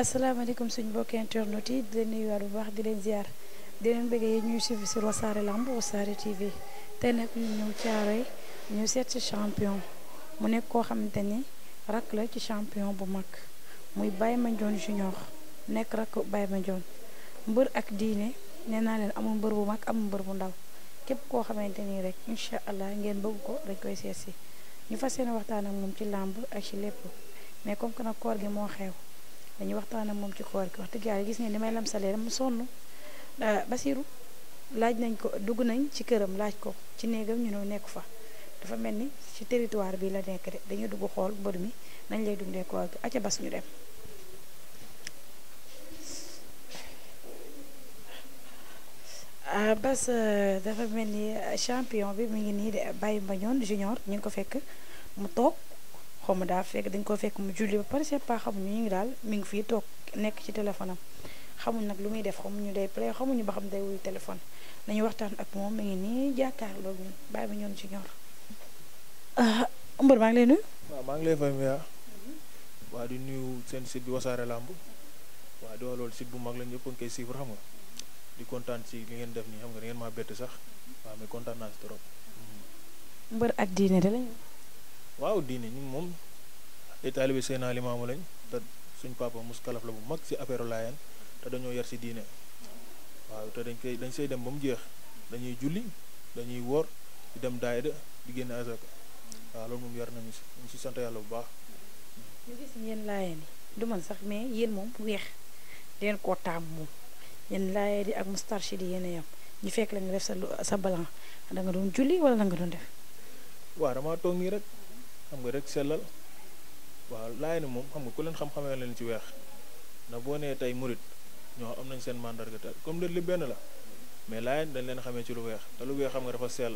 asalaamaaleykum suñu mbokki internet yi di leen nuyuwaat bu baax di leen ziar di leen bëgg yi ñuy suivre sur Wassare Lamb Wassare TV tey nag ñu ñëw caaroy ñu seet ci champion mu nekk koo xamante ni rakk la ci champion bu mag muy bay Baye Mandione Junior nekk rakk ma Mandione mbër ak diine nee naa leen amul mbër bu mag amul mbër bu ndaw képp koo xamante nii rek incha allah ngeen bëgg ko dañ koy seet si ñu fas yéene waxtaan ak moom ci làmb ak ci lépp mais comme que nag koor gi moo dañuy waxtaan ak moom ci koor gi wax dëgg yàlla gis ngeen li may lamsalee mu sonn euh, Basiru laaj nañ ko dugg nañ ci këram laaj ko ci néegam ñu noo nekku fa dafa mel ni ci territoire bi la nekk de dañuy dugg xool mbër mi nañ lay dundee koor gi aca bas ñu dem euh, bas euh, dafa mel ni champion bi mu ngi nii de Baye Mbañoon junior ñu ngi ko fekk mu toog xaw ma daal fekk dañ ko fekk mu julli ba pare c'est pas xamuñu ñu ngi daal mi ngi fii toog nekk ci téléphone am xamuñ nag lu muy def xamuñu day play xamuñu ba xam day wuyu téléphone nañu waxtaan ak moom mi ngi nii jàkkaarloog ñun bàyyi ñoon ci ñor ah, mbër maa ngi lay nuyu. waaw ngi lay fay Mia. waa di nuyu seen site bi wasaare làmb waa di wax loolu site bu mag la ñëpp a ngi koy xam nga di kontaan si li ngeen def nii xam nga da ngeen bett sax waaw mais kontaan naa si trop. mbër ak diine de lañu. waaw diine ñun moom ay taalibe Seydina Limaamu te suñ papa mus kalaf la bu mag ci affaire laayeen te dañoo yar si diine waaw te dañ koy dañ say dem ba mu jeex dañuy julli dañuy woor di dem daayda di génn asaka waaw loolu moom yar nañu si ñu si yàlla bu baax. ñu gis yéen laayeen yi du man sax mais yéen moom weex leen koo taam moom yéen laayeen yi ak mustarshid yi yéen yam ñu fekk la nga def sa balan da doon julli wala da doon def. waaw damaa toog nii xam nga rek sellal waaw laay ni moom xam nga ku leen xam-xamee leen ci weex ndax boo nee tey murit ñoo am nañ seen mandarga comme comme li benn la mais laay dañ leen xamee ci lu weex te lu weex xam nga dafa sell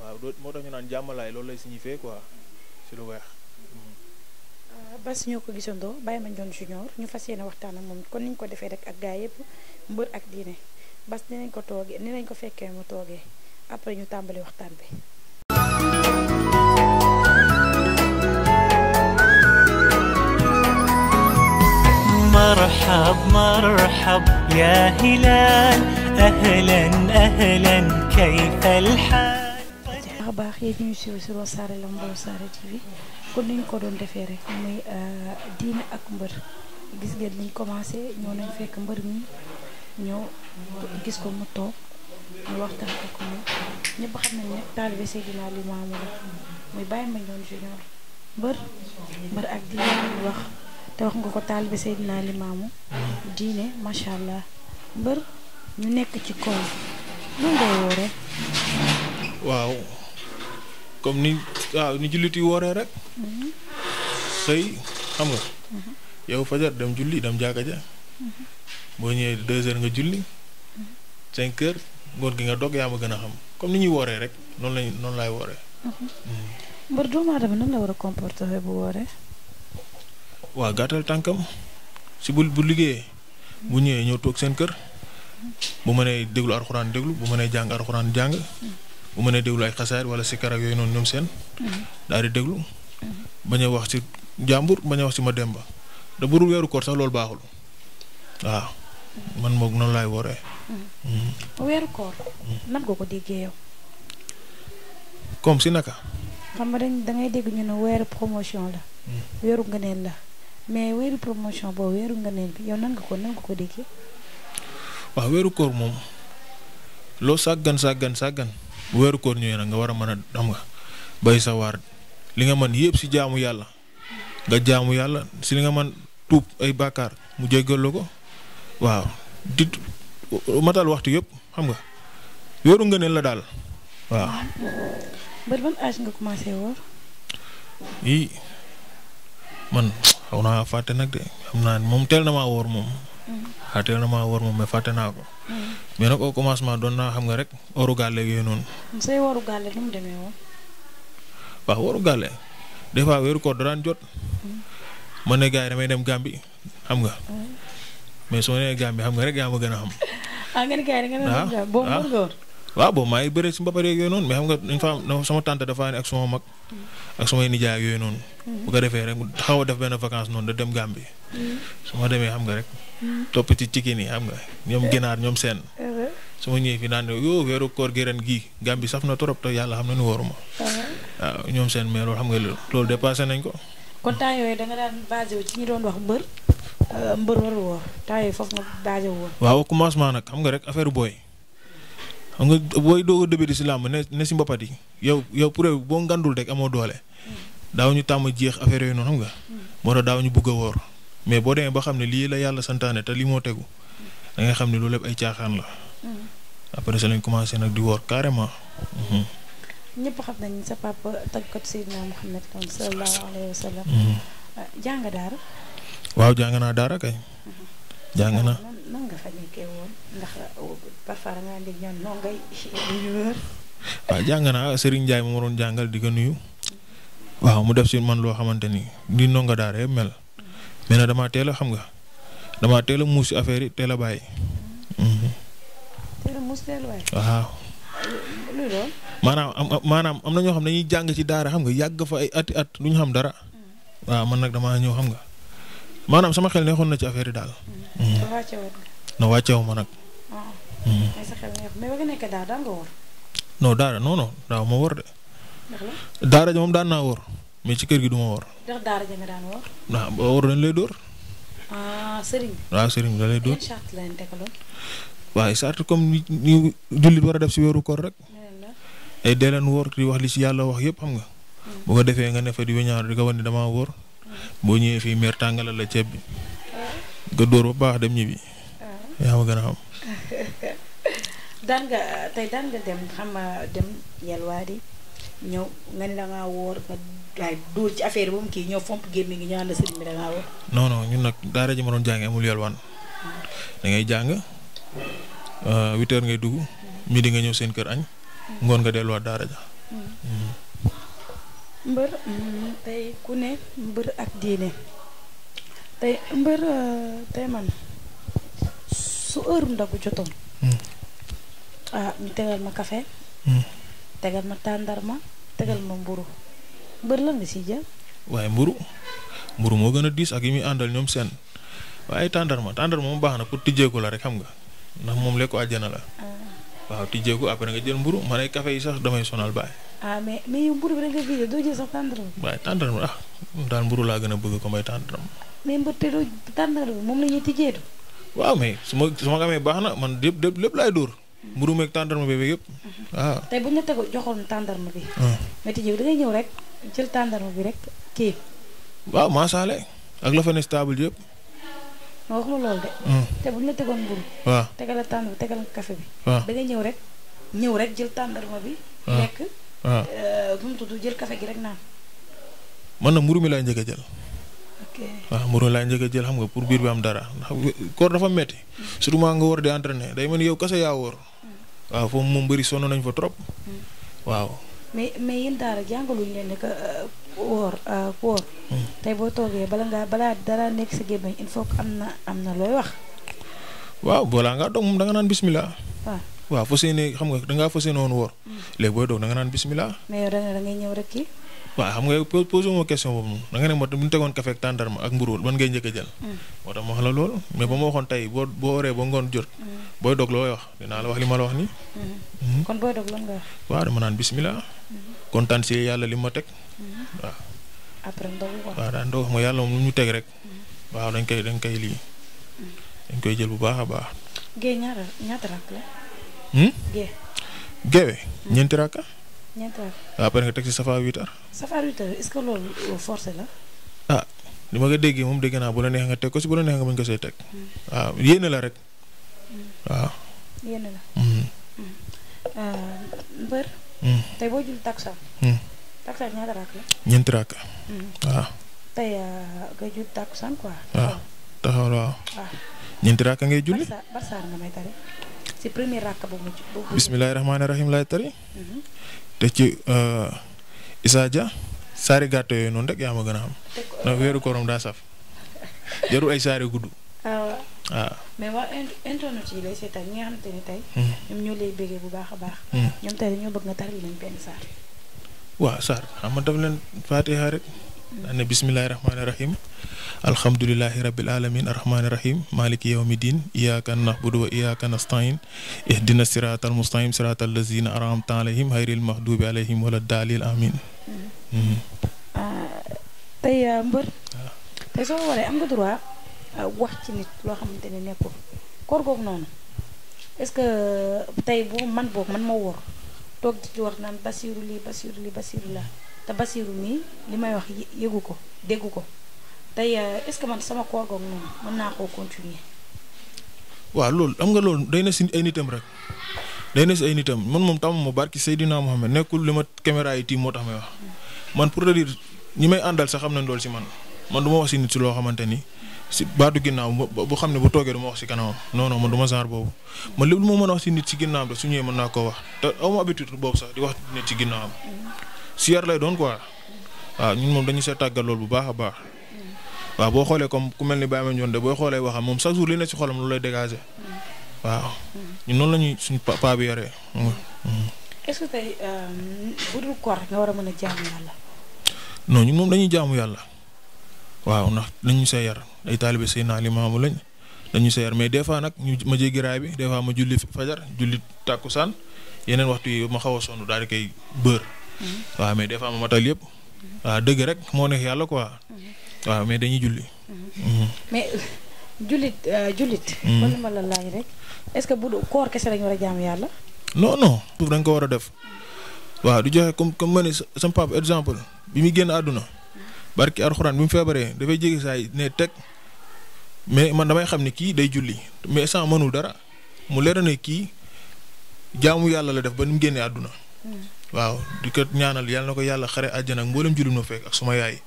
waaw moo tax ñu naan jàmmalaay loolu lay signifier quoi ci lu weex. Hmm. Euh, Bass ñoo ko gisandoo Baye Mandione Junior ñu fas yéene waxtaan ak moom kon ni niñ ko defee rek ak gaa yëpp mbër ak diine Bass dinañ ko toogee dinañ ko fekkee mu toogee après ñu tàmbali waxtaan bi. يا مرحب يا هلال أهلا أهلا كيف a baax yéen ñuy suivre sur Wassare Lamb Wassare TV kon ni ñu ko doon defee rek muy euh, diine ak mbër gis ngeen niñ commencé ñoo nañ fekk mbër mi ñëw gis ko mu toog ñu waxtaan ak moom ñëpp xam nañ ne taalibe Seydina Limaamu la muy bàyyi ma ñoon junior mbër mbër ak diine ñu wax te wax nga ko taalibe Seydina Limaamu mm-hmm. diine macha allah mbër ñu nekk ci kaw lu ngay wooree. waaw comme ni waaw ni jullit yi wooree rek. Mm-hmm. xëy xam nga. Mm-hmm. yow fajar dem julli dem jàkka ja boo ñëwee deux heures nga julli. cinq heures ngoon gi nga dog yaa a gën a xam comme ni ñuy wooree rek noonu lay noonu laay wooree. mbër doomu aadama nan la war a comporter bu wooree. waa gàttal tànkam si bu bu liggéeyee bu ñëwee ñëw toog seen kër bu mënee déglu arxuraan déglu bu mënee jàng arxuraan jàng bu mënee déglu ay xasaar wala si karak yooyu noonu ñoom seen daal di déglu bañ wax si jàmbur bañ wax si ma demba da burul weeru koor sax loolu baaxul man moog noonu laay wooree. Mm-hmm. weeru koor. Mm-hmm. nan nga ko déggee yow. comme si naka. xam nga dañ dégg ñu ne weeru promotion la. Mm-hmm. weeru ngëneel la. mais weeru promotion boobu weeru nga bi yow nan ko nan nga ko déggee. waaw weeru koor moom loo sàggan sàggan sàggan bu weeru koor ñëwee nag nga war a mën a xam nga bay sa waar li nga mën yépp si jaamu yàlla nga jaamu yàlla si li nga mën tuub ay bàkkaar mu jéggal la ko waaw di matal waxtu yépp xam nga weeru nga la daal waaw. man xaw naa fàtte nag de xam naa moom teel na maa wóor moom. Mm. ah teel na maa wóor moom mais fàtte naa ko. Mm. mais na au commencement doon naa xam nga rek waru gàlle yooyu noonu. Mm, say waru gàlle nu mu demee woon. waaw waru gàlle des fois weeru koor daan jot. ma ne gars yi damay dem Gambie xam nga. mais soo ma nee Gambie xam nga rek yaa ma gën a xam. ah nga ne waaw boobu maa yi bëri si mbapat yeeg yooyu noonu mais xam nga dañ fa sama tante dafa ne ak sama mag ak samay nijaay yooyu noonu. bu ko defee rek xaw def benn vacance noonu da dem Gàmbi. su ma demee xam nga rek. topp ci cikin yi xam nga ñoom ginaar ñoom seen. su ma ñëwee fii naan yoo weeru koor gi ren gii Gàmbi saf na trop te yàlla xam na ni waruma. waaw ñoom seen mais loolu xam nga loolu dépassé nañ ko. kon temps yooyu da daan basé ci ñu doon wax mbër. mbër waru foofu nga waaw commencement nag xam nga rek affaire booy. xam nga booy doog a début si làmb ne ne si mbapat yi yow yow preuve boo ngandul rek amoo doole. Mm. daaw ñu tàmm jeex affaire yooyu noonu xam nga. Mm. moo tax daaw ñu bugg a woor mais boo demee ba xam ne lii la yàlla santaane te lii moo tegu mm. da nga xam ne loolu lépp ay caaxaan la. après sa lañ commencé nag di woor carrément. Mm-hmm. ñëpp mm-hmm. waaw jàng naa daara kay. Mm-hmm. jàng naa. waa nga jàng naa sëriñ njaay ma doon jàngal di ko nuyu. waaw mu def si man loo xamante ni di ndonga daara mel. mais nag damaa teel xam nga dama teel a muus ci affaire yi teel a bàyyi. Mhm. teel waaw. maanaam am maanaam am na ñoo xam ne dañuy jàng ci daara xam nga yàgg fa ay ati at lu xam dara. Mm. waaw man nag damaa ñëw xam nga. maanaam sama xel neexoon na ci affaire daal. Mm-hmm. Mm-hmm. na wàcceewu ma nag. Ah, ah. Mm-hmm. non daa non non daaw ma wor de. daara ja moom daan naa wor mais ci kër gi du ma wor. ndax daara boo wor dañ lay dóor. ah sëriñ. da lay dóor. sart comme ni ñu jullit war a def si weeru koor rek. ay dee wor di wax li si yàlla wax yëpp xam nga. Mm. bu defee nga ne fa di weñaar di ko wane damaa wor. boo ñëwee fii meer tàngalal la ceeb bi nga dóor ba baax dem ñibbi. Ah. yaa ma gën a xam. daan nga tey daan nga dem xam nga dem yalwaadi ñëw nga ci affaire bi mu kii ñëw fomp génn ngi ñaan la sëriñ bi da woor. non non ñun nag daara ji ma doon jàngee amul yalwaan. Ah. da jàng ah, huit heures ngay dugg di nga ñëw seen kër añ. ngoon nga delluwaat daara ja. Hmm. mbër mm, tey ku ne mbër ak diine tey mbër euh, tey man su heure ndogu jotoon mm. ah ñu tegal ma café mm. tegal ma tàndarma tegal ma mburu mbër la nga si jël waaye mburu mburu moo gën a diis ak yi muy àndal ñoom seen waaye tàndarma tàndarma moom baax na pour tijjeeku la rek xam nga ndax moom lekk ko àjjana la ah. waaw tijjeeku après nga jël mburu man ay café yi sax damay sonal baay ah mais mais yow mburu bi da nga doo jël sax tàndaram. waaye tàndaram ah daal mburu laa gën a bëgg ko may tàndaram. mais mbër te doo tàndaram moom la ñuy tijjeetu. waaw mais su ma su ma baax na man lépp lépp lépp laay dóor. mburu meeg tàndarma bi yëpp. waaw mhm. ah. tey bu ñu la tegu tàndarma bi. Ah. mais tijjeew da ngay ñëw rek jël tàndarma bi rek kii. waaw maasaale ak la fa stable yëpp. ma wax la loolu de. Mm. te bu ñu la tegoon mburu. waaw tegal la tàndarma tegal la café bi. waaw da ñëw rek ñëw rek jël tàndarma bi. lekk. waaw euh, bu mu tudd man na mburu mi laa njëkk a jël. waaw mburu mi laa njëkk jël xam nga pour biir bi am dara koor dafa metti surtout maa nga war di entraîner day mel ni yow kese yaa wóor. Mm. waaw foofu moom bëri sonn nañ fa trop. Mm. waaw. mais mais yéen daara jàngaluñ leen ne que euh, woor euh, woor. Mm. tey boo toogee balaa dara nekk sa gémmiñ il faut que am na am na looy wax. waaw boolaa ngaa toog moom da naan bismillah. waaw fas yéene xam nga dangaa fas yéene woon woor. Mm. léegi booy doog da nga naan bismillah. mais waaw xam nga posé wu ma question boobu noonu da nga ne ma tegoon café ak tàndarma ak mburu ban ngay njëkk a jël. Mm. moo tax ma wax la loolu ba ma waxoon tey boo boo oree ngoon jot. Mm. booy dog looy wax dinaa la wax li ma la wax nii. Mm-hmm. kon booy dog lan mm-hmm. kontaan si yàlla li ma teg. Mm-hmm. waaw. après ndogu quoi. waaw daal xam nga yàlla moom lu ñu teg rek. waaw dañ koy dañ koy lii. dañ koy jël bu baax a baax. Gée. Hmm? Géewe. ñeenti rakka. waaw après nga teg ci safa witar. safa witar est-ce que loolu forcé la. ah li ma ko déggee moom dégg naa bu la neex nga teg ko si bu la neex nga bañ teg. Hmm. Ah, la rek. waaw. Hmm. Ah. Euh, ñeenti rakka. waaw. Ah. tey euh, nga jul takkusaan waaw taxawal waaw. ñeenti rakka ngay julli. si premier rakk bu mujj. bismillahi rahmaani rahim laay tari. te ci uh, Issa Dia saari yooyu noonu rek yaa ma gën a xam. ndax weeru kooram daa saf jarul ay saari gudd. Ah, waaw ah. mais waa internet yi lay seetaan ñi nga hmm. ñoom ñoo lay bu baax a baax. Hmm. ñoom tey dañoo bëgg nga tari leen benn saar. waaw saar xam nga daf leen Fatiha rek. daan ne bismillahi rahmaani rahim alhamdulilahi rabbil alamin arrahmaani rahim maliki yawmi din iyyaka na'budu wa iyyaka nasta'in ihdina siratal mustaqim siratal lazina an'amta alayhim ghayril maghdubi alayhim wala daalin amin hmm. tey ah, mbër tey soo waree am nga droit ah, wax ci nit loo xamante ne nekkul koor googu noonu est-ce que tey boo man boobu man ma wóor toog di wax naan basiiru lii basiiru lii basiiru laa te Basiru li may wax yëgu ko déggu ko tey euh, est-ce man sama koor googu noonu loolu am nga loolu day na si ay nitam rek day na si ay nitam man moom tàmm ma barki Seydina Mohamed nekkul li ma caméra yi tiim moo tax may wax man pour te dire ñi may xam nañ loolu si man man du ma wax si loo xamante ni si baatu ginnaaw bu xam ne bu toogee du si kanamam non non man ma genre boobu man lépp lu ma mën a wax si nit si ginnaawam rek su ñëwee mën naa koo wax te aw ma habitude boobu sax di wax nit si ginnaawam. si yar lay doon quoi waaw ñun moom dañu see tàggat loolu bu baax a baax waaw boo xoolee comme ku mel ni Baye Mandione de boo xoolee waxam moom chaque jour li ne si xolam lu lay dégager noonu la ñuy suñu papa bi euh, ñun moom dañuy jaamu yàlla waaw ndax dañu see yar ay taalibe say naa limaamu lañ dañu see yar mais des fois nag ñu ma jéggi raay bi des fois ma julli fajar julli tàkkusaan yeneen waxtu yi ma xaw a sonn daal di koy bër. Mm-hmm. waaw mais des fois ma matal yëpp. waaw dëgg rek moo neex yàlla quoi. Mm-hmm. waaw mais dañuy julli. Mm-hmm. mais jullit euh, jullit. wala ma la laaj rek est-ce que bu koor kese lañu war a jaamu yàlla. non suuf da ko war a def. waaw du joxe comme comme ma ne sama exemple bi mu génn àdduna. barki alxuraan bi mu feebaree dafay jéggi saa yi ne teg mais man damay xam ne kii day julli mais sans mënul dara mu leer kii jaamu yàlla la def ba nu mu génnee àdduna. waaw di ko ñaanal yàlla na ko yàlla xare àjjana ak mboolem julum na fekk ak suma yaay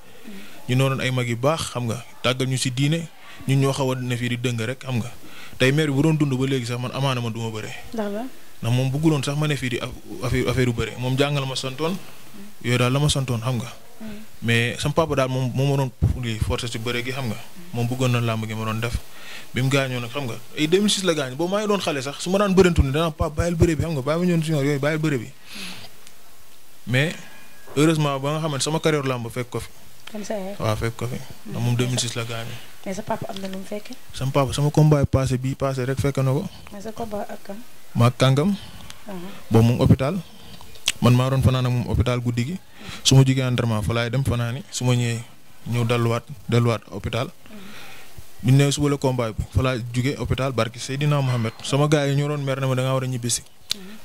ñu noonoon ay mag yu baax xam nga tàggal ñu si diine ñun ñoo xaw a ne fii di dëng rek xam nga tey maire bu doon dund ba léegi sax man amaana ma du ma bëre. ndax moom bëgguloon sax ma ne fii di affaire affaire yu bëre moom jàngal ma santoon yooyu daal la ma santoon xam nga. mais sama papa daal moom moo ma doon lii forcé si bëre gi xam nga. moom bëggoon na làmb gi ma doon def bi mu gaañoo nag nga ay 2006 xale sax su ma daan bërentu ni danaa papa bàyyil bëre bi xam nga mais heureusement ba nga xamante sama carrière làmb fekk ko fi. waa sa fekk ko fi. ndax moom 2006 la gaañu. mais sama papa sama combat passé rek fekk na ko. mais kàngam. Uh-huh. boobu moom hôpital. man maa doon fanaan ak moom hôpital guddi gi. su ma jugee fa laay dem fanaani su ma ñëwee ñëw delluwaat delluwaat hôpital. Uh-huh. biñ ne suba la combat bi fa laay jugee hôpital barki Seydina Mohamed sama gars yi ñoo doon mer ne ma da ngaa war a ñibbisi.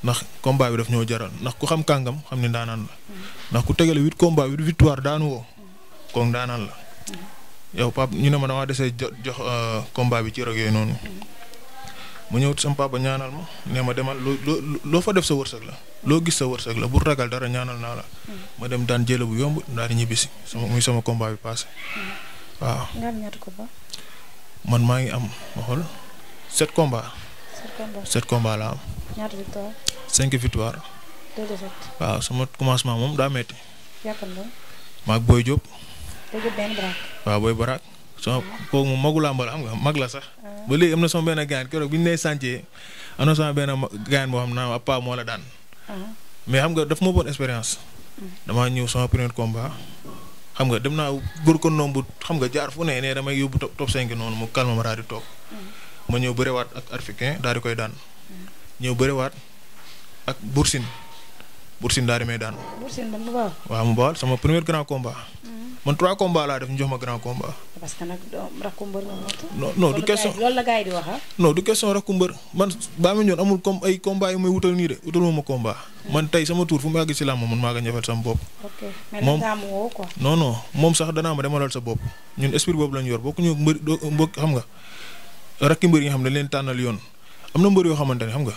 ndax combat bi daf ñoo jaral ndax ku xam kàngam xam ne daanaan la ndax ku tegale huit combat huit victoire daanu woo kon daanaan la yow pap ñu ne ma damaa desee jox jox euh, combat bi ci rog yooyu noonu mu ñëw sama ba ñaanal ma nee ma demal loo fa def sa wërsëg la loo gis sa wërsëg la bu ragal dara ñaanal naa la ma dem daan jëla bu yomb daal di ñibbisi sama muy sama combat bi passé waaw. man maa ngi am ma xool sept combat sept combat laa am. ñaata victoire. cinq victoire. waaw sama commencement moom daa metti yaakaar naa. maag waaw Boy Baraak. sama mm-hmm. kooku moom magu làmb la xam nga mag la sax. Ah. ba léegi am na sama benn gaañ keroog bi ñu lay sàncee am na sama benn gaañ boo xam ne paa moo la daan. Ah. mais xam nga daf ma bonne expérience. Mm. damaa ñëw sama premier combat. xam nga dem naa góor ko nombu xam nga jaar fu ne ne damay yóbbu top top noonu mu calme ma daal di toog. Mm. ma ñëw bëriwaat ak africain daal di koy daan. ñëw bëriwaat ak Boursine Boursine daa demee daan. Boursine ba mu baal. sama premier grand combat. Hmm. man trois combats laa def ñu jox ma grand combat. parce que nag rakku mbër non ah. man baa ma ñoon comme ay combat yu may wutal nii ma combat. Hmm. man tey sama tour fu si làmb man maa ngi ñëfal sama bopp. ok moom sax danaa ma demalal sa bopp ñun esprit boobu lañ yor bokkuñu mbër mbokk xam nga rakki mbër yi xam ne leen tànnal yoon. am na mbër yoo xamante ne xam nga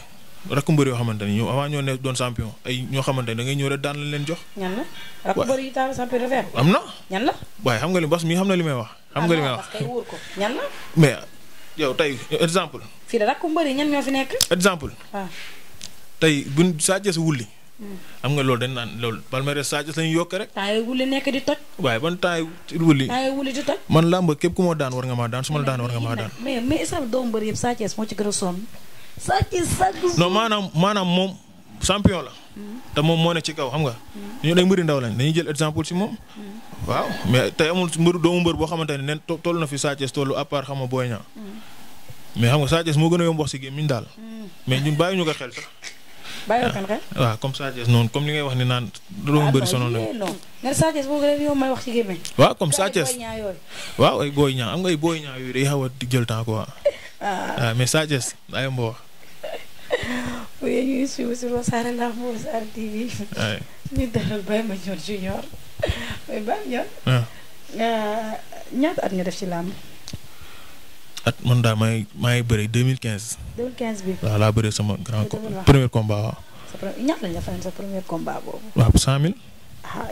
rakk mbër yoo xamante ne ñoom avant ñoo ne doon champion ay ñoo xamante ne da ngay ñëw rek daan la leen na. ñan la waaye xam na li may wax. xam nga li may ah, wax parce yow tey exemple. fii de rakk mbër yi ñan ñoo fi nekk. exemple. waaw ah. tey buñ Sa Thiès wulli. Hmm. xam nga loolu dañ naan loolu palmarès Sa Thiès lañu yokk rek. taay wulli nekk di toj. waaye ban taay wulli. taay wulli di toj. daan war nga maa daan su ma la daan war nga maa daan. mais mais sàcc sàcc. non maanaam maanaam moom champion la. te moom moo ne ci kaw xam nga. ñoo day mbëri ndaw lañ dañuy jël exemple ci moom. waaw mais tey amul mbëru doomu mbër boo xamante ne nen toll na fi Sa Thiès tollu à part xam nga Boy Niang mais xam nga Sa moo gën a yomb wax si gémmiñ daal. mais ñun bàyyi ñu ko xel sax. Ah, waaw comme Sa noonu comme li ngay wax ni naan doomu mbëri sonoon na. Ah, nga waaw comme Sa waaw ay Boy Niang am nga ay Boy ñaa yooyu day xaw a jël temps quoi. waaw ah. mais Sa Thiès ay mbo wax ñuy suivre sur Wassare ñu def ci làmb. at man daal maa ngi maa ngi bëri 2015. 2015 bi waaw laa bëree sama grand premier combat waaw. sa premier ñaata lañ la sa premier combat boobu. waaw 100000.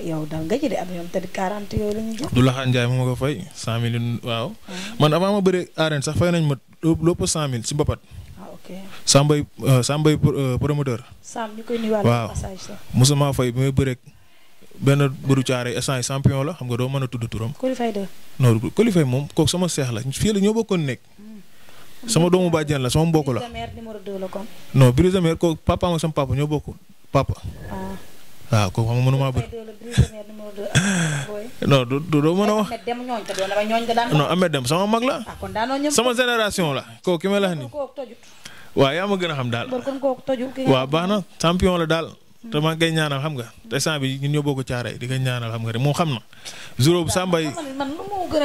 yow daal nga ci di am ñoom tamit 40 yooyu la ñu jox. Abdoulaye Ndiaye moo ma ko fay 100000 waaw. man avant ma bëree arène sax fay nañ ma lépp 100000 si Mbapat. Sambay euh, Sambay euh, promoteur. Samb ñu koy nuyuwaale waaw musuma fay bi may bëreeg benn bëru caare instant champion la xam nga doo mën a tudd turam. Kolifay de. moom kooku sama seex la fii la ñoo bokkoon nekk. Hmm. sama doomu bàjjen la sama mbokk la. Brise de Mer la kon. bokk papa. doo mën a wax. non Ahmed Deme sama mag la. Ah, sama génération la kooku ki ma la nii. waaw yaa ma gën a xam daal. waaw baax champion la daal. te maa ngi ñaanal xam nga te sant bi ñun ñoo bokk caare di koy ñaanal xam nga de moom xam na. zoro bu Samba yi man a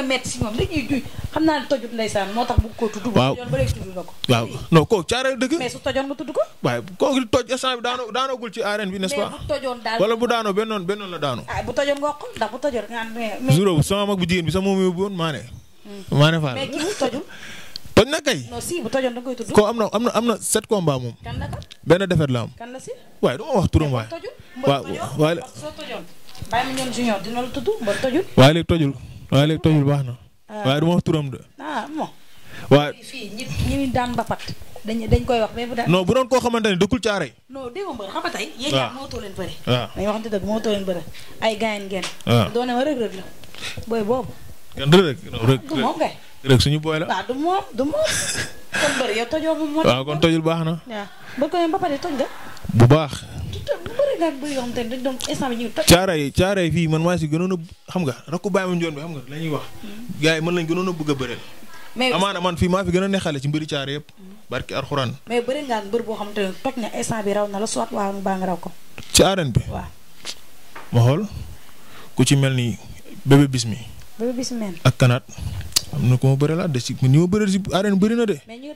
moo tax bu ko tudd. ko. waaw dëgg. mais su tojoon nga tudd ko. waaye kooku li toj sant bi daanoo daanoogul ci arène bi n'est-ce pas. bu wala bu daanoo bennoon bennoon la daanoo. ah bu tojoon nga bi sax moom toj na kay. non koy tudd. ko am na am na am na sept combat moom. kan benn defet la am. waaye du wax turam waaye. waaw waaye. soo tojoon bàyyi ma ñoom junior la tudd mbër léegi tojul waaye léegi tojul baax na. Ah. waaye du ma wax turam de. ah fii ñi daan mbapat dañ dañ koy wax bu doon koo xamante ne dëkkul caare. non dégg nga mbër xam nga tey. waaw yéen ñaar ah. moo too leen bëre. waaw ah. dañuy waxante dëgg moo rek suñu booy la. waaw du moom du moom. kon bëri yow tojoo moom moo. waaw kon tojul baax na. waaw ba ko ba pare toj nga. bu baax. caaray caaray fii man maa si gënoon xam nga rakku bàyyi ma njoon bi xam nga la ñuy wax. Hmm. gaa yi man lañ gënoon a bëgg a bëreel. mais amaana man fii maa fi gën a neexale ci mbëri caare yëpp. Hmm. barki alxuraan. mais bëri nga ak mbër boo xam te ne toj na instant bi raw na la soit mu baa nga raw ko. ci arène bi. waaw. ma xool ku ci mel ni bébé bis mi. bébé bis mi ak kanaat. am na ku ma bëre laa de si ñi ma bëri na de. mais ñuy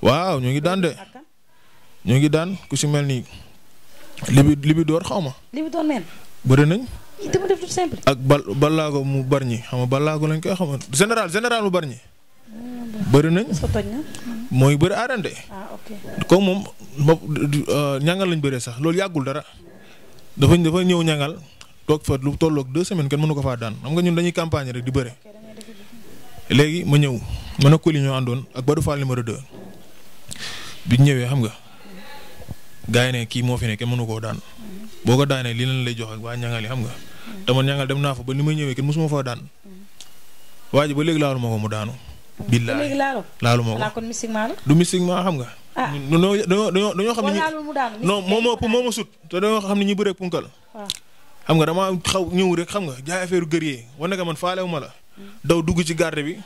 waaw ñoo ngi daan ñoo ngi daan ku si mel ni libi libi door xaw ma. libi door bëri nañ. ak bal balaago mu bari ñi xam nga nañ lañ koy xamal général général mu bari ñi. bëri nañ. mooy bëri arène de. ah ok comme moom euh, ñangal lañ bëree sax loolu yàggul dara. dafa dafa ñëw ñangal toog fa lu tolloog deux semaines kenn mënu ko faa daan xam nga ñun dañuy campagne rek di bëre. léegi ma ñëw man ak Coly ñoo àndoon ak Badou Fall numéro 2 bi ñëwee xam nga gars ne kii moo fi ne kenn mënu koo daan boo ko daanee lii lan lay jox ak waa ñangal yi xam nga te man dem naa fa ba ni may ñëwee kenn mosuma faa daan waa ba léegi laaluma ko mu daanu. billaay laaluma ko kon mystiquement la. du mystiquement xam nga. ah dañoo xam ne. non moom te xam ne ñu bëreeg punkal. Ah. xam nga dama xaw ñëw rek xam nga jaay affaire gër yi wane ka man faalewu ma la daw dugg ci garde bi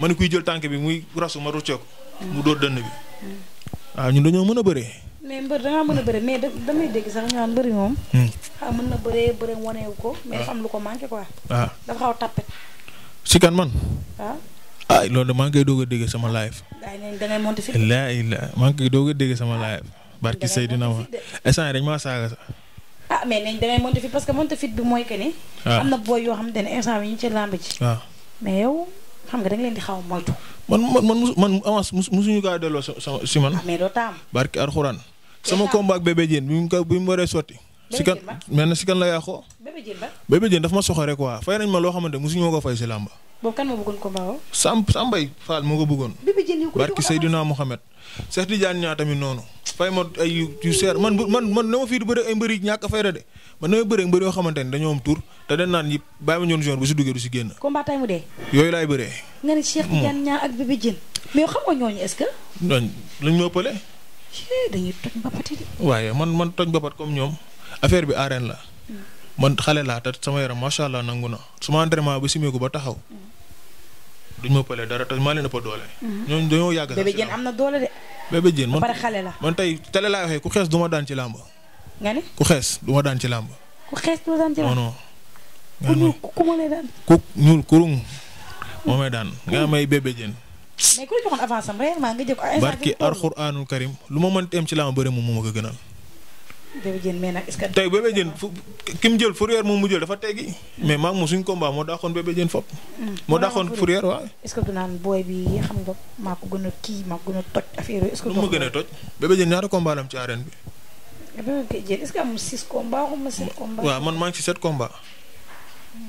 ma ne kuy jël tànk bi muy rasu ma rucceeku mu dóor dënn bi waaw ñun dañoo mën a bëree. mais mbër da mën a bëree mais damay dégg sax ñu naan mbëri moom. ah mën na ko. mais dafa lu ko manqué quoi. waaw ah. dafa a tapé. si kan man. waaw. Ah. ay loolu de maa ngi koy doog a dégg sama live. ay nañ da maa ngi koy doog sama live. Ah. barki Seydina ma instant yii dañ maa saaga sax. ah mais nañ da ngay parce que monté fit bi mooy que ni. am na booy yoo xamante ne instant bi ñu ci làmb ji. waaw mais xam nga da nga leen a moytu. man man man man avance musuñu kaa delloo sa sa si man. mais doo taam. barki Alxuraan. sama combat ak bébé Diène bi mu ko bi mu waree sotti. si mel na si la yàqoo. bébé Diène ba. bébé Diène daf ma soxore quoi fay nañ ma loo xamante musuñu ma ko fay si làmba. boobu kan moo bëggoon Sam Sambay Fall moo ko bëggoon. bébé Diène yow barki Seydina Mohamed. Cheikh Tidiane ñaa tamit noonu. fay ma ay yu seer man man man na ma fii du bëri ay mbëri ñàkk a fay de man damay bëree mbër yoo xamante ne dañoo am tur te dañ naan yi bàyyi ma ñoon jour bu si duggee du si génn. combat tay mu dee. yooyu laay bëree. nga ne Cheikh Tidiane mm. Niang ce que. ñooñu luñ ma ëppale. dañuy man man toj mbapat comme ñoom affaire bi arène la. Mm. man xale laa te sama yaram macha allah nangu na su sama entraînement ba simee ko ba taxaw. Mm. duñ ma ëppale dara te maa leen ëpp doole. Mm-hmm. ñooñu dañoo yàgg. Bébé am na doole de. Bébé Diène man la man tey télé laay waxee ku xees du daan ci làmb nga ne ku xees du ma daan ci làmb. ku xees du daan ci làmb non ma la joxoon avance am réellement ko. barki alxuraanul karim lu ma mën am ci làmb bëri moom moo ma ko gënal. bébé tey bébé jën jël fourrière moom mu jël dafa teggi mais maa moom suñu combat moo daaxoon bébé jën fopp. Hmm. moo daaxoon fourrière waaw. est-ce que du naan booy bi xam nga maa ko gën a kii maa ko gën a toj affaire est-ce lu ma gën a toj bébé jën ñaata combat ci arène bi Eh, est-ce que amul six combats xuma sept combats. waaw man maa ngi ci sept combats.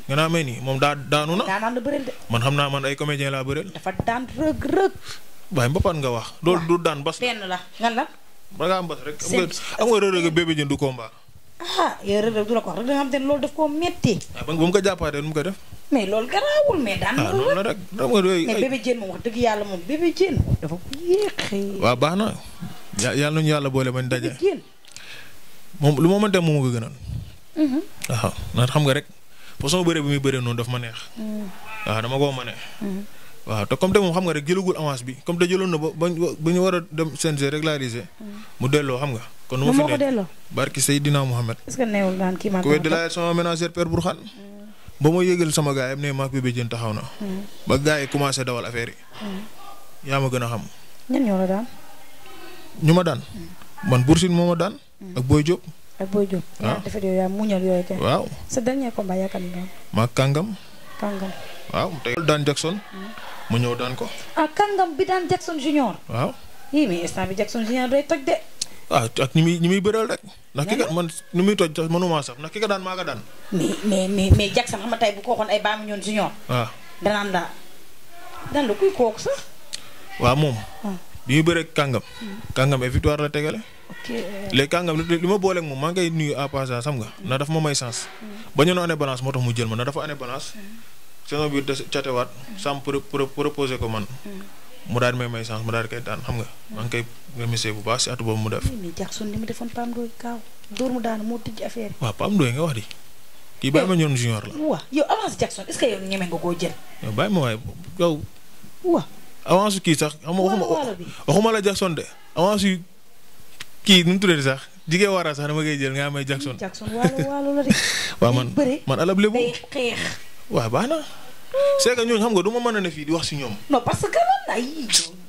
nga naa may nii moom daa daanu na. daanaan la bëreel de. man xam naa man ay comédien laa bëreel. dafa daan rëg rëg. waaye mbapaan nga wax. loolu du daan bas. benn la nga la. ba ngaa am bas rek. am nga am nga rëg rëg bébé jën du combat. ah yow rëg rëg du la ko wax rëg nga xam te ne loolu daf koo métti. waaw ah, ba mu ko jàppaatee nu mu ko def. mais loolu garaawul mais daan na ah, loolu la rek mais bébé jën moom wax dëgg yàlla moom bébé jën dafa yéexee. waaw baax na yàlla nañu yàlla boole bañ daje. moom lu ma mën dem moom ko gënal. Mhm. waaw ndax xam nga rek façon bëre bi muy bëree noonu daf ma neex. Mhm. waaw dama koo mane. Mhm. waaw te comme te moom xam rek jëlagul avance bi comme te jëloon na ba ba ñu war a dem CNG régulariser. mu delloo xam nga. kon nu ma fi ne barki Seydina Mohamed. est-ce que neewul daan kii sama ménagère Père ma yëgal yi am jën taxaw na. ba gars yi commencé dawal affaire yi. yaa ma gën a xam. ñan ñu ma daan. man Bour Sine ma daan. Mm. ak Boy Diop. ak Boy Diop. waaw dafa doon yaa muñal kàngam. kàngam. waaw tey daan Jackson. Mm. mu ñëw daan ko. ah kàngam bi daan Jackson junior. waaw yii bi Jackson junior doy toj de. waaw ah, ak ñi muy ñi muy bëreel rek. ndax ki kat man ni muy toj mënuma sax ndax ki ka daan maa ka daan. mais mais mais mais Jackson xam bu ko waxoon ay baamu ñoon junior. waaw ah. danaan la daan la kuy kooku sax. waaw moom. Ah. bi muy bëreeg kàngam. Mm. kàngam ay victoire la tegale. léegi kàngam li ma booleeg moom maa ngay nuyu à passage xam nga na dafa ma may sens mm. ba ñu ne année balance moo tax mu jël ma na dafa année balance mm. saison bi de catewaat mm. sam proposé ko man mu daal di may may sens mu daal di daan xam nga maa ngi koy bu baax si atu boobu mu def moo tijj affaire waaw Pam Ndoye nga wax di kii bàyyi ma ñoom junior la waaw yow avance Jackson est-ce que yow ñeme nga koo jël yow bàyyi ma waaye yow waaw avance kii sax xam nga waxuma waxuma la Jackson de avance kii nu mu tuddati sax jigéen wara sax dama koy jël nga may Jackson. Jackson waalo waalo la de. waaw man man alab lébu day xeex. baax na. c'est que ñooñu xam nga du mën a ne fii di wax si ñoom. non parce que man ay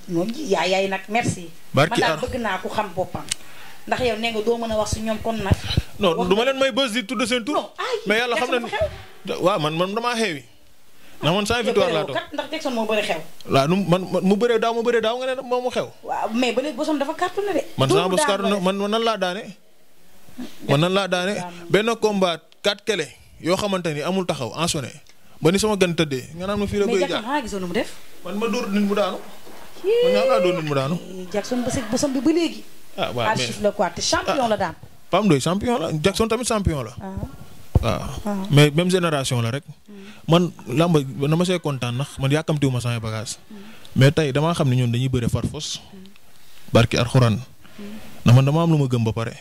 ñoom yaay yaay nag merci. man daal bëgg naa ko xam boppam. ndax yow nee nga doo mën a wax si ñoom kon nag. non du leen may bës di tudd seen tur. mais yàlla xam na waaw man man damaa xeewi ndax man sans victoire laa toog ndax Jackson moo bëri xew. waaw nu man mu bëree daaw mu bëree daaw nga ne moom mu xew. waaw mais ba léegi bosam dafa cartonné de. man sans bos cartonné man nan laa daane. man nan laa benn combat quatre kele yoo xamante ni amul taxaw en ba ni sama gën tëddee nga naan ma fii la. koy jaar mais Jackson xanaa gisoon nu mu def. man ma dóor nit mu daanu. man nga laa mu daanu. Jackson bosam bi ba léegi. ah waaw mais archive la quoi te champion ah, la daan. Pam doy champion la Jackson tamit champion la. Ah. waaw mais même génération la rek. man làmb na ma see kontaan ndax man yàkkamtiwuma samay bagage mais tey damaa xam ne ñun dañuy bëre farfos. barki alxuraan. ndax man ma am lu ma gëm ba pare.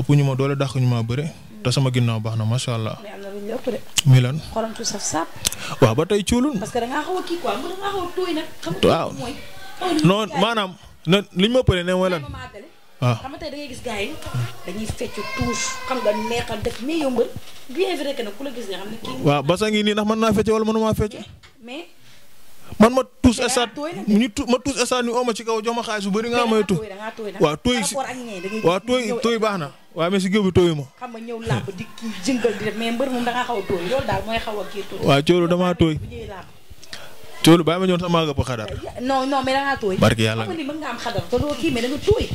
ëpp ñu ma doole dàq ñu ma bëre. te sama ginnaaw baax na macha allah. mais mi lan waaw ba tey cuulun. parce waaw non maanaam ne li ñu ma ëppalee ne mooy lan. waaw ah. xam nga da gis gars yi dañuy fecc tuus xam nga neexal def mais yombal bien vrai que nag ku la gis nga xam ne kii. waaw basa ngi nii ndax mën naa fecc wala mënumaa fecc. Eh, man ma tuus esaat ñu tu ma tuus esaat ñu oo ma ci kaw jox ma xaalis bu bëri nga may tu waaw tooy si waaw tooy tooy eh. baax na waa mais si géew bi tooyu ma. xam nga ñëw làmb di kii jëngal xaw a tooy loolu daal mooy a kii tooy. coolu damaa tooy. coolu bàyyi ma ñëw sax maa gëpp xadar. Eh, non non mais da barke yàlla nga xam nga ni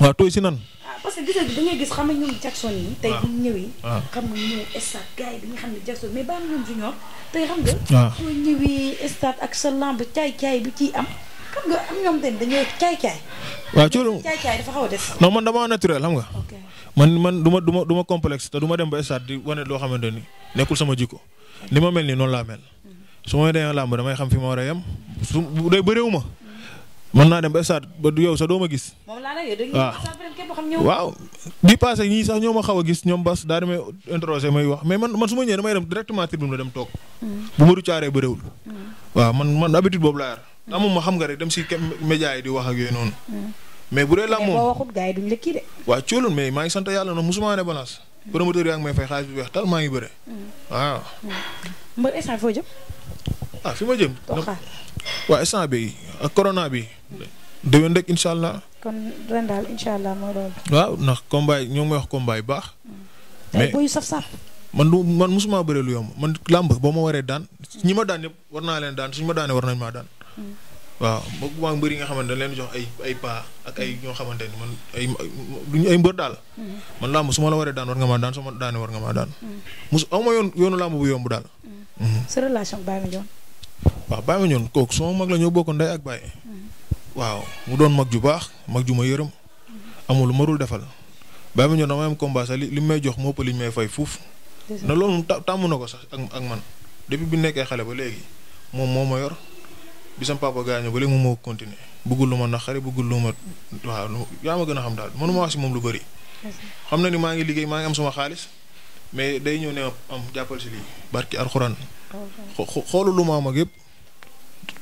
waaw tooy si nan. ah parce que gis nga da ngay gis xam nga ñoom Jackson yi. tey xam nga soo ñëwee stade ak sa lamb caay caay bi ciy am. xam nga am ñoom tamit dañuy caay caay. waaw ci loolu man damaa naturel xam nga. man man du ma du ma du ma complexe te du dem ba stade di wane loo xamante ni nekkul sama jikko li ma mel nii noonu laa mel. su ma demee lamb damay xam fi ma war a yem su day bëreewu ma mën naa dem ba stade ba yow sa doo ma gis. moom laa waaw ah. waaw di passé ñii sax ñoo ma xaw a gis ñoom bas daa demee interrogé may wax mais man man su ma ñëwee damay dem directement tribune la dem toog. Hmm. bu ma du caaree ba hmm. waaw man man habitude boobu laa yar. Hmm. amul ma xam nga rek dem si média yi di wax ak yooyu noonu. mais bu dee làmb moom waa coolul mais maa ngi sant yàlla noonu musuma ne balance. promoteur yaa ngi may fay xaalis bi weex tal maa ngi bëre. waaw. mbër ah, fi ma jëm. waaw bi ak bi déwén rek incha allah. kon ren daal incha allah waaw ndax combat yi ñoo ngi may wax combat yu baax. Mm. mais boyu man du man mosuma bëre lu yomb man làmb boo ma waree daan ñi ma daan war naa leen daan suñu ma daanee war nañ maa daan. Mm. waaw moom waa yi nga xamante leen jox ay ay paa ak ay ñoo xamante ni man ay duñu ay mbër daal. Mm. man làmb su ma la waree daan war nga maa daan su ma daanee war nga maa daan. mos aw ma yoon yoonu làmb yomb daal. Mm-hmm. sa relation ak Baye Mandione. waaw Baye Mandione kooku sama mag la ñoo bokk ndey ak Baye. waaw mu doon mag ju baax mag ju ma yërëm amul lu ma dul defal bàyyi ma ñëw damay am combat sax li li may jox moo ëpp li ñu may fay fuuf. na loolu moom tàmm na ko sax ak ak man depuis bi nekkee xale ba léegi moom moo ma yor bi sam papa gaañoo ba léegi moom moo bëggul lu ma naqari bëggul lu ma waaw yaa ma gën a xam daal mënuma wax si moom lu bari xam na ni maa ngi liggéey maa ngi am sama xaalis mais day ñëw ne am jàppal si lii barki alxuraan. xoolu lu ma am ak yëpp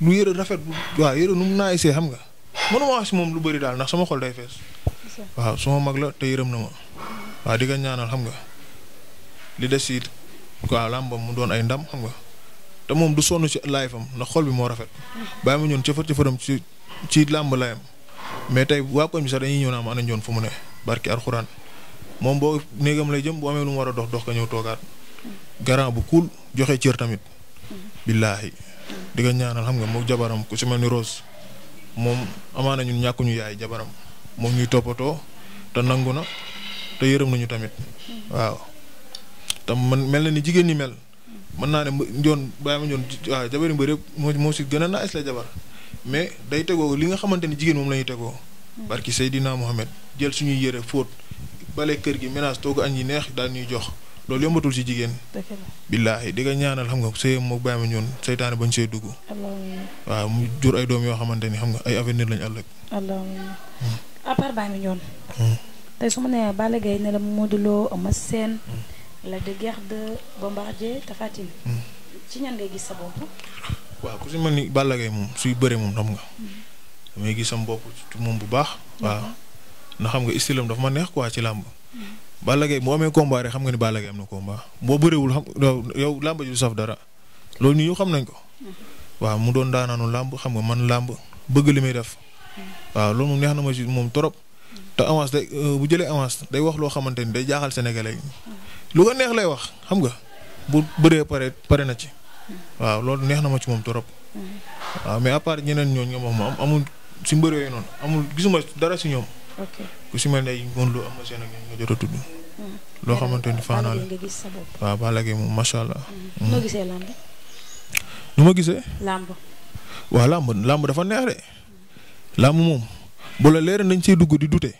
lu yëre rafet waaw yëre nu mu naay see xam nga. mënuma wax si moom lu bari daal ndax sama xol day fees. waaw suma mag la te yërëm na ma. waaw di nga ñaanal xam nga li des si waaw làmbam mu doon ay ndam xam nga te moom du sonn ci live am ndax xol bi moo rafet. bàyyi ma ñoon cëfar cëfaram ci ci làmb layam mais tey waa koñ bi sax dañuy ñëw naa ma ana ñoon fu mu ne barki alxuraan moom boo néegam lay jëm bu amee lu mu war a dox dox ka ñëw toogaat. garant bu kuul joxe cër tamit. billaahi di nga ñaanal xam nga moom jabaram ku ci mel ni moom amaana ñun ñàkkuñu yaay jabaram moom ñuy toppatoo te nangu na te yërëm nañu tamit waaw te man mel na ni jigéen ñi mel mën naa ne njoon bàyyi ma njoon waaw jabari mbër yëpp moo si gën a naa la jabar mais day tegoo li nga xamante ni jigéen moom lañuy tegoo parki seydinaa Mohamed jël suñuy yére fóot bale kër gi ménage toogu añ yi neex daal ñuy jox loolu yombatul ci jigéen. dëgg la billaahi di nga ñaanal xam nga sëyam moog bàyyi ma ñoon seytaane bañ see dugg. waaw mu jur ay doom yoo xamante ni xam nga ay avenir lañ ëllëg. allahumma. Hmm. à part bàyyi ma ñoon. Hmm. tey su ma nee Balla moom suy bëree moom xam nga. Hmm. damay gis sam bopp moom bu baax. waaw ndax xam nga istilam dafa ma neex quoi ci làmb. Balla Gaye moo amee combat rek xam nga ni Balla Gaye am na combat boo bëriwul xam yow làmb ji du saf dara loolu ñu xam nañ ko. Mm-hmm. waaw mu doon daanaanu làmb xam nga man làmb bëgg li muy def. Mm-hmm. waaw loolu moom neex na ma ci moom trop. Mm-hmm. te avance day euh, bu jëlee avance day wax loo xamante ni day jaaxal Sénégalais lu ko neex lay wax xam nga bu bëree pare pare na ci. waaw loolu neex na ma ci moom trop. waaw mais à part ñeneen ñooñu nga wax amul si mbër yooyu noonu amul gisuma dara si ñoom. ku si mel ne moom loo am seen ak ñoom nga jot a tudd. Hmm. loo xamante ni faanaa la waaw Balla moom macha allah. Hmm. Hmm. noo nu ma gisee. làmb. waaw làmb làmb dafa neex de. làmb moom bu la leer nañ see dugg di dute.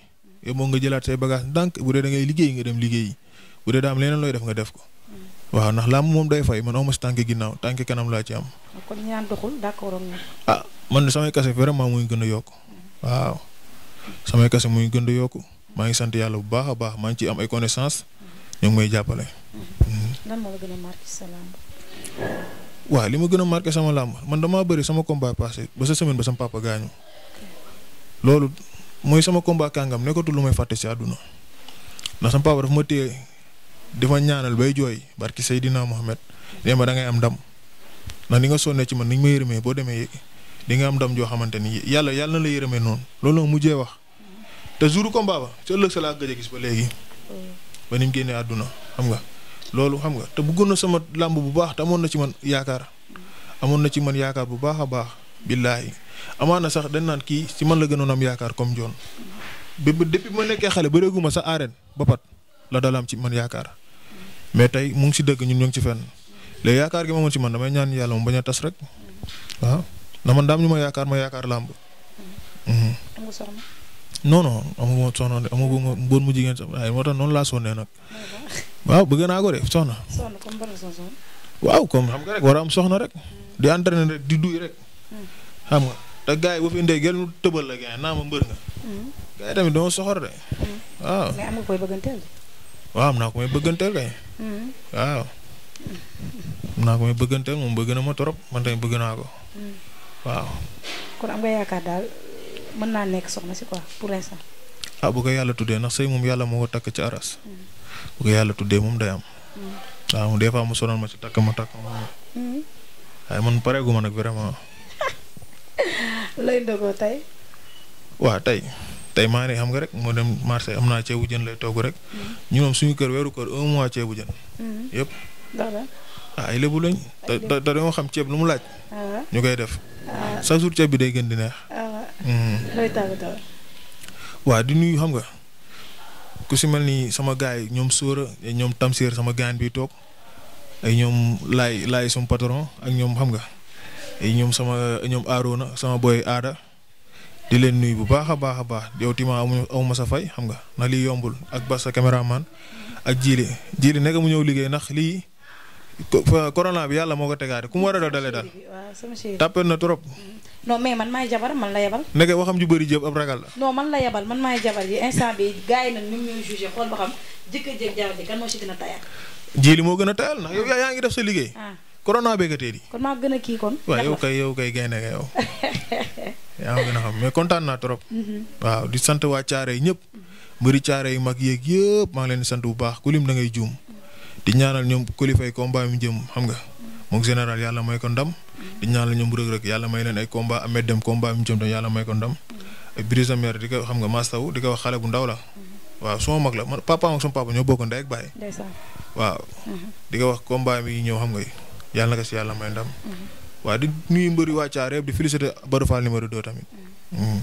yow moom nga jëlaat say bagage ndànk bu dee da ngay liggéey nga dem liggéey bu dee daa am looy def nga def ko. waaw ndax làmb moom day fay man aw ma si tànkee ginnaaw tànk kanam laa ci am. kon ñaan doxul d'accord ah man samay kase vraiment muy gën a yokk waaw. samay kase muy gën di yokku maa ngi sant yàlla bu baax a baax maa ngi ciy am ay connaissance ñu ngi may jàppale. lan li ma gën a marqué sama làmb man damaa bari sama combat passé ba sa semaine ba sama papa gaañu loolu mooy sama combat kàngam nekkatul lu may fàtte si àdduna ndax sama papa dafa ma téye dafa ñaanal bay jooy barki Seydina Mohamed nee ma da ngay am ndam ndax ni nga sonnee ci man ni ñu ma yërëmee boo demee di nga am dam joo xamante ni yàlla yàlla na la yërëmee noonu loolu la mujjee wax te jour combat ba ci ëllëg sa laa gëj a gis ba léegi. ba ni mu génnee àdduna xam nga loolu xam nga te bëggoon na sama làmb bu baax te amoon na ci man yaakaar amoon na ci man yaakaar bu baax a baax billaahi amaana sax dañ naan kii ci man la gënoon am yaakaar comme joon ba depuis ma nekkee xale bëreeguma sa arène ba pat la dalaam ci man yaakaar mais tey mu ngi si dëgg ñun ñoo ngi ci fen léegi yaakaar gi ma ci man damay ñaan yàlla mu bañ a tas rek na mm-hmm. Mm-hmm. noonu laa sonnee nag. waaw bëgg naa ko de soxna. soxna comme ban soxna. waaw comme xam a am soxna rek. Mm. di entraîner di duy rek. Mm. xam nga yi bu fi indee tëbal la yi naa ma mbër nga. Mm. gars yi tamit dama soxor de. waaw mais am nga koy bëgganteel. waaw am naa ko may bëgganteel kay. waaw. am naa ko moom bëgg na ma trop man waaw. kon am nga yaakaar daal mën naa nekk soxna si quoi pour ah, bu ko yàlla tuddee ndax sëy moom yàlla moo ko takk ci aras. Hmm. bu ko yàlla tuddee moom day am. waaw hmm. ah, des fois mu sonal ma ci takk ma takk ma. waaye hmm. man pareegu ma nag vraiment. waaw tey tey maa ne xam nga rek moo dem marché am naa ceebu jën lay togg rek. ñu moom suñu kër weeru kër un mois ceebu jën. yëpp. dara ah, ay lébu lañ. ay te dañoo xam ceeb lu mu laaj. ñu koy def. Ah. sa jour ceeb bi day gën di neex. Ah, waaw hmm. di nuyu xam nga ku si mel ni sama gars yi ñoom Sora ñoom Tamsir sama gaan bi toog ay ñoom laay laay sum patron ak ñoom xam nga ñoom sama ñoom Arona sama boy aada di leen nuyu bu baax a baax a baax yow tima amuñu aw sa fay xam nga na lii yombul ak bas sa caméraman ak jiili jiili nekk mu ñëw liggéey ndax lii. corona bi yàlla moo ko tegaate ku mu war a dalee daal. tàppal na trop. Mm. non mais man maay jabar man la yebal. nekk waxam ju bëri jëf ab ragal la. non man la yebal man maay jabar yi instant bi gars nag ñu ngi ñuy xool ba xam jëkkër jeeg jabar ji a tayal. li moo gën a tayal nag yow ah. yaa ngi def sa liggéey. Ah. corona béykatee di. kon maa gën a kii kon. waaw yow kay yow kay gaynde nga yow. yaa ngi gën a xam mais kontaan mm-hmm. caare yi ñëpp. Mm-hmm. mbëri caare mag leen sant bu baax ku di ñaanal ñoom kilifa yi combat mi jëm xam nga moom général yàlla may ko ndam di ñaanal ñoom Reug Reug yàlla may leen ay combat amet dem combat mi jëm tam yàlla may ko ndam Brise de di ko xam nga mastaw di ko wax xale bu ndaw la waaw ma mag la man papa ak sama papa ñoo bokk ndey ak baay waaw uh-huh. di ko wax combat mi ñëw xam nga yàlla na ko si yàlla may ndam uh-huh. waaw di nuyu mbëri waa Thiaré di féliciter Badou Fall numéro 2 tamit uh-huh.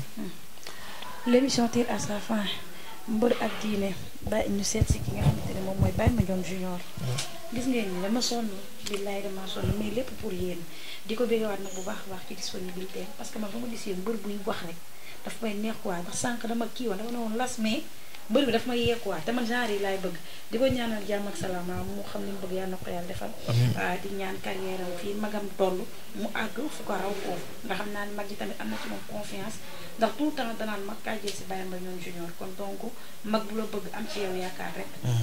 mbër ak diine bàyyi ñu seet si ki nga xamante ne moom mooy ma Mandione Junior gis ngeen ni dama sonn billaay dama sonn mais lépp pour yéen di ko bégewaat nag bu baax a baax ci disponibilité parce que man ba ma gisee mbër buy wax rek daf may neex quoi ndax sànq dama kii woon dama ne woon las mais mbër bi daf ma yee quoi te man genre yi laay bëgg di ko ñaanal jàmm ak salaam mu xam li mu bëgg yàlla ah, mu àgg fu ko xam naa ne mag ji tamit am na ci moom confiance ndax tout le temps danaan mag kaa jël si Baye Mandione junior kon donc bëgg yaakaar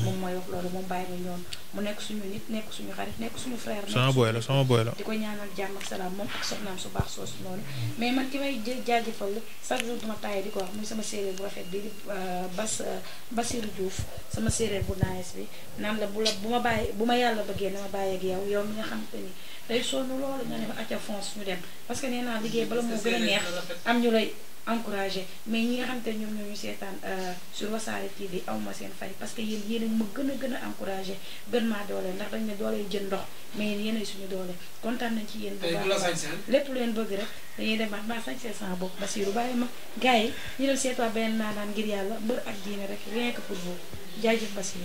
moom mooy wax loolu moom Baye Mandione mu nekk suñu nit nekk suñu xarit nekk suñu frère. sama boy la sama la di ko ñaanal jàmm ak salaam moom su baax soosu noonu mais man ki may jaajëfal chaque jour duma taay di ko wax muy sama séeréer bu rafet bi euh, bas Euh, Basirou Diouf sama séeréer bu nice bi naan la bu la bu ma bàyyi bu ma yàlla bëggee na ma bàyyi ak yow yow mi nga xam te ni day sonn loolu nga ne ma acca fonce ñu dem parce que nee naa liggéey bala moo gën a neex am ñu lay encouragé mais ñi nga xamante ne ñoom ñu seetaan euh, sur Wassare TV aw ma seen fay parce que yéen yéen ma gën a gën a encouragé gën maa doole ndax dañ ne doole jën ndox mais yéen yéenay suñu doole kontaan nañ ci yéen bu baax lépp lu leen bëgg rek dañuy dem baax maa sañsee sama bopp Basiru ngir yàlla mbër ak diine rek rien que pour vous jaajëf